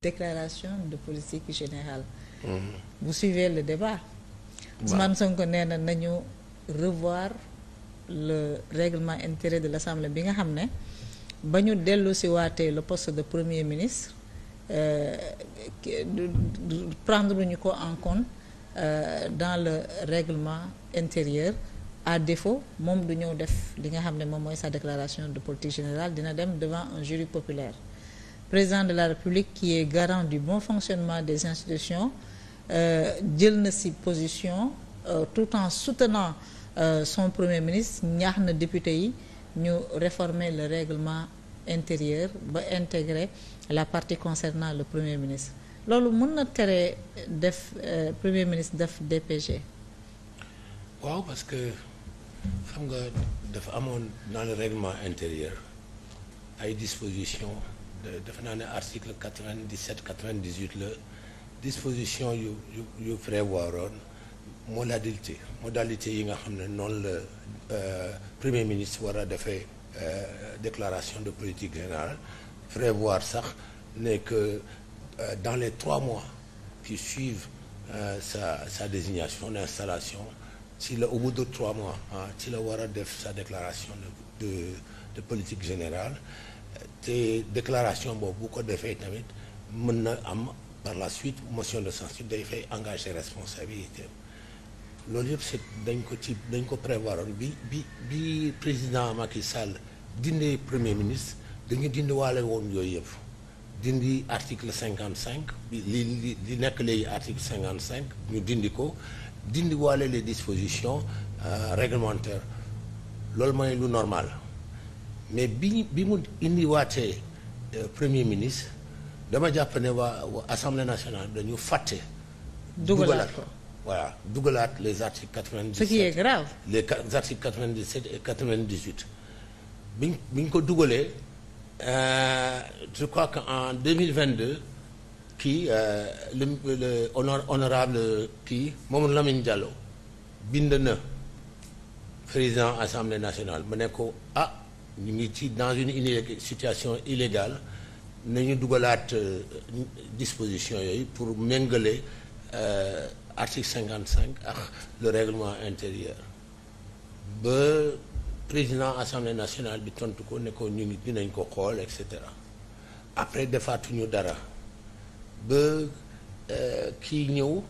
déclaration de politique générale. Mhm. vous suivez le débat. Ousmane Sonko nee na nañu revoir le règlement intérieur de l'Assemblée bi nga xam ne ba ñu dellu si waatee le poste de premier ministre euh, prendre ñu ko en compte euh, dans le règlement intérieur à défaut moom du ñëw def li nga xam ne moom mooy sa déclaration de politique générale dina dem devant un jury populaire président de la République qui est garant du bon fonctionnement des institutions euh, jël na si position euh, tout en soutenant euh, son premier ministre ñaax na député yi ñu réformer le règlement intérieur ba intégrer la partie concernant le premier ministre loolu mën na tere def premier ministre def DPG. waaw parce que xam nga dafa amoon dans le règlement intérieur ay dispositions. Euh, defe naa ne article 97 98 la disposition yu yu yu prévoir woon modalité modalité yi nga xam ne noonu la euh, premier ministre war a defee euh, déclaration de politique générale prévoir sax ne que dans les trois mois qui suivent sa sa désignation d'installation si la au bout de trois mois ah ci la war a def sa déclaration de de de générale te déclaration boobu bu ko defee tamit mën na am par la suite motion de censure day fay engager responsabilité loolu yëpp c'est dañ ko ci dañ ko prévoir bi bi bi président Macky Sall dindi premier ministre dañu dindi waale woon yooyu yëpp dindi article cinquante cinq bi li nekk léegi article cinquante cinq ñu dindi ko dindi waale les dispositions euh, réglementaires loolu mooy lu normal mais bi bi mu indiwaatee euh, premier ministre dama jàpp ne waa assemblée nationale dañu fàtte. dugalaat ko dugalaat les articles quatre vingt dix qui est grave. les articles quatre-vingt-dix-sept et quatre-vingt-dix-huit biñ biñ ko dugalee euh, je crois que en deux mille vingt-deux kii euh, le le honor honorable kii moom Lamine Diallo bind na président assemblée nationale mu ne ko ah. ñu ngi ci dans une situation illégale nañu dugalaat euh, disposition yooyu pour méngale euh, article cinquante cinq ak le règlement intérieur ba président assemblée nationale bi tontu ko nekkoon ñu ngi dinañ ko xool et cetera après defaatuñu dara ba euh, kii ñëw.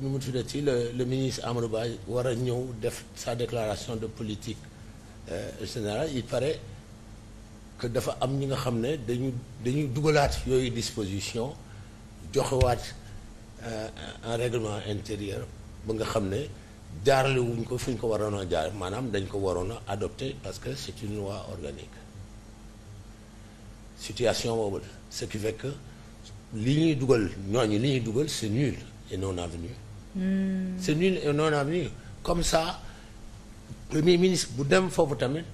nu mu tuddati la le ministre Amadou Ba war a ñëw def sa déclaration de politique Euh, général il paraît que dafa am ñi nga xam ne dañu dañu dugalaat yooyu disposition joxewaat euh, un règlement intérieur ba nga xam ne jaarale wuñ ko fu ñu ko waroon jaar maanaam dañ ko waroon a adopté parce que c'est une loi organique situation boobu la ce qui fait que li ñuy dugal ñooñu li ñuy dugal c'est nul et non avenu. Hmm. c'est nul et non avenu comme ça. premier ministre bu dem foofu tamit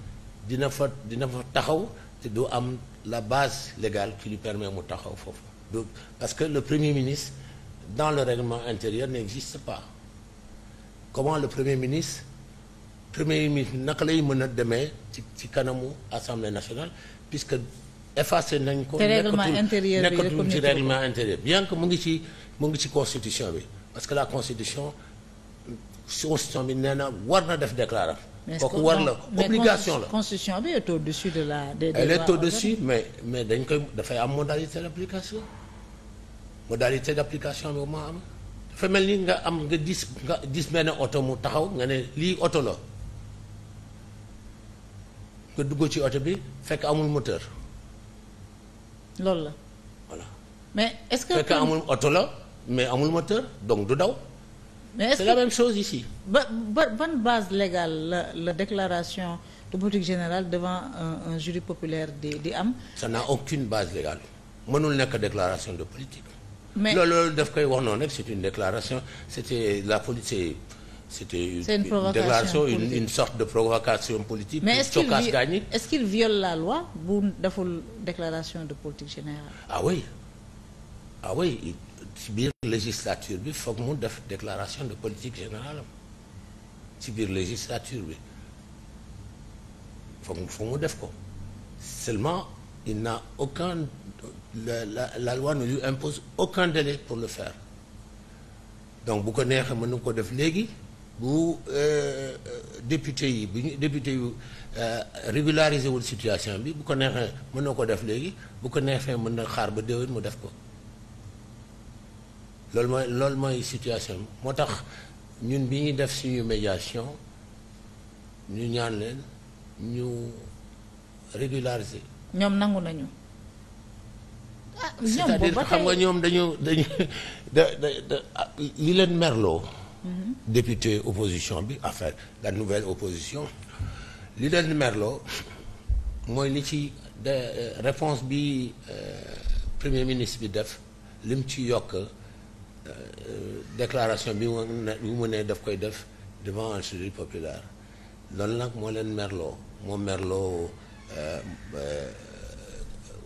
dina fa dina fa taxaw te du am la base légale qui lui permet mu taxaw foofu donc parce que le premier ministre dans le règlement intérieur n'existe pas comment le premier ministre premier ministre naka lay mën a demee ci ci kanamu assemblée nationale que effacé nañ ko. nekkatul ci règlement intérieur bien que mu ngi ci mu ngi ci constitution bi parce que la constitution. constitution bi nee na war na def déclarer. kooku war la obligation la constitution bi est au dessus de la. des elle est au mais mais dañ koy dafay am modalité d' application modalité d' application bi ma am. dafa mel ni nga am nga gis nga gis benn oto mu taxaw nga ne lii oto la nga dugg ci oto bi fekk amul moteur. loolu la. voilà mais est-ce que fekk amul oto la mais amul moteur donc du daw. mais c'est la même chose ici. ba ba ban base légale la la déclaration de politique générale devant un, un jury populaire de di am. ça n'a aucune base légale mënul nekk déclaration de politique. mais loolu daf koy wax noonu rek c'est une déclaration c'était la politique c'était une, une, une déclaration une, une sorte de provocation politique. mais est-ce qu'il est-ce qu'il viole la loi bu deful déclaration de politique générale. ah oui ah oui. ci biir législature bi foog mu def déclaration de politique générale am ci biir législature bi foog foog mu def ko seulement il n'a aucun la la la impose aucun délai pour le fair donc bu ko neexee mën na ko def léegi bu euh, euh, député yi bu ñu député yu euh, régulariser wul situation bi bu ko neexee mën na ko def léegi bu ko neexee mën na xaar ba déwén mu def ko. lool mooy loolu mooy situation moo tax ñun bi ñuy def suñu médiation ñu ñaan leen ñu régulariser. ñoom nangu nañu. ah c'est-à-dire xam nga ñoom dañu dañu da da ah, li leen merloo. Mhm. député opposition bi enfin la nouvelle opposition li leen merloo mooy li ci de euh, réponse bi euh, premier ministre bi def lim ci yokk. déclaration bi mu ne bi mu ne daf koy def devant un jury populaire loolu nag moo leen merloo moo merloo euh, euh,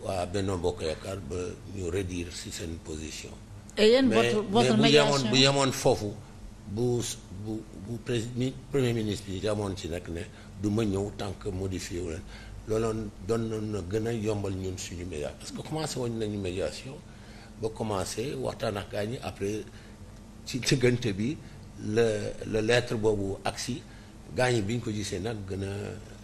waa Benno Bokk Yaakaar ba ñu redire ci seen position. bu yemoon bu yemoon foofu bu bu bu président premier ministre bi yemoon ci nag ne du ma ñëw tanque que modifié wu leen looloon doon na gën a yombal ñun suñu médiation parce que commencé woon nañu médiation. ba commencé waxtaan ak gaa ñi après ci diggante bi la la lettre boobu agsi gaa ñi bi ñu ko gisee nag gën a.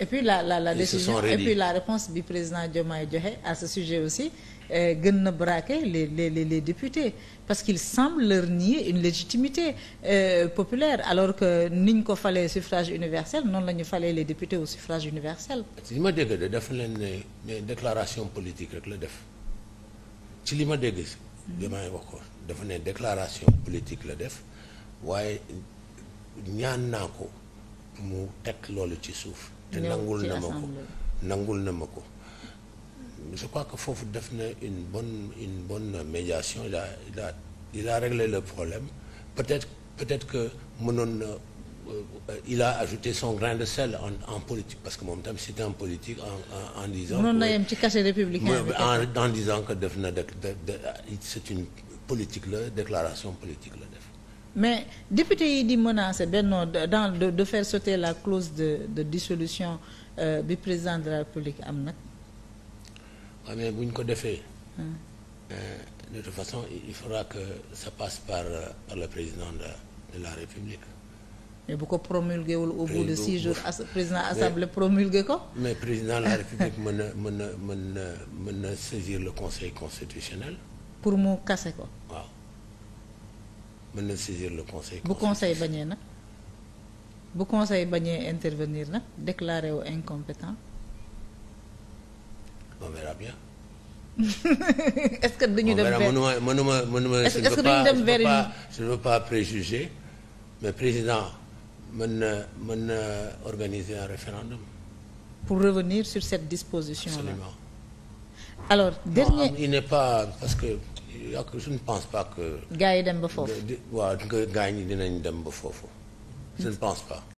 et la la la décision et puis la réponse bi président Diomaye joxe à ce sujet aussi euh, gën na braquer les le les députés parce qu'ils semblent leur nier une légitimité euh, populaire alors que ni ñu ko falee suffrage universel noon la ñu falee le députés au suffrage universel. si ma dégg de dafa leen ne déclaration politique rek la def. ci li ma dégg si. li wax ko dafa ne déclaration politique la def waaye ñaan naa ko mu teg loolu ci suuf. te nangul na ma ko nangul na ma ko. je crois que foofu def na une bonne une bon médiation il a il a il a réglé le problème peut-être peut-être que mënoon na. Euh, il a ajouté son grain de sel en, en politique parce que moom tam c'est un politique en en en disant. ci cachet républicain bi en en disant que def de de c'est une politique la déclaration politique la def. mais député yi di menacer Benno dans de de faire sauter la clause de de dissolution euh, bi président de la République am nag. waaw mais bu ñu ko defee. Euh, de toute façon il faudra que ça passe par euh, le président de la République. mais bu ko promulgué wul au bout de six jours as président assemblée promulgué ko. mais président de la république mën na mën na mën na mën na saisir le conseil constitutionnel. pour mu kase ko. waaw mën na saisir le conseil. bu conseil bañee nag bu conseil bañee intervenir nag déclaré wu incompétent. on verra est-ce que duñu dem. vers mënuma mënuma mënuma. est-ce que duñu dem vers je ne veux pas préjuger mais président. mën na mën na organiser un référendum. pour revenir sur cette disposition là. Absolument. alors dernier non, il n'est pas parce que je ne pense pas que. gars yi dem ba foofu. waaw gars yi dinañ dem ba foofu je ne pense pas.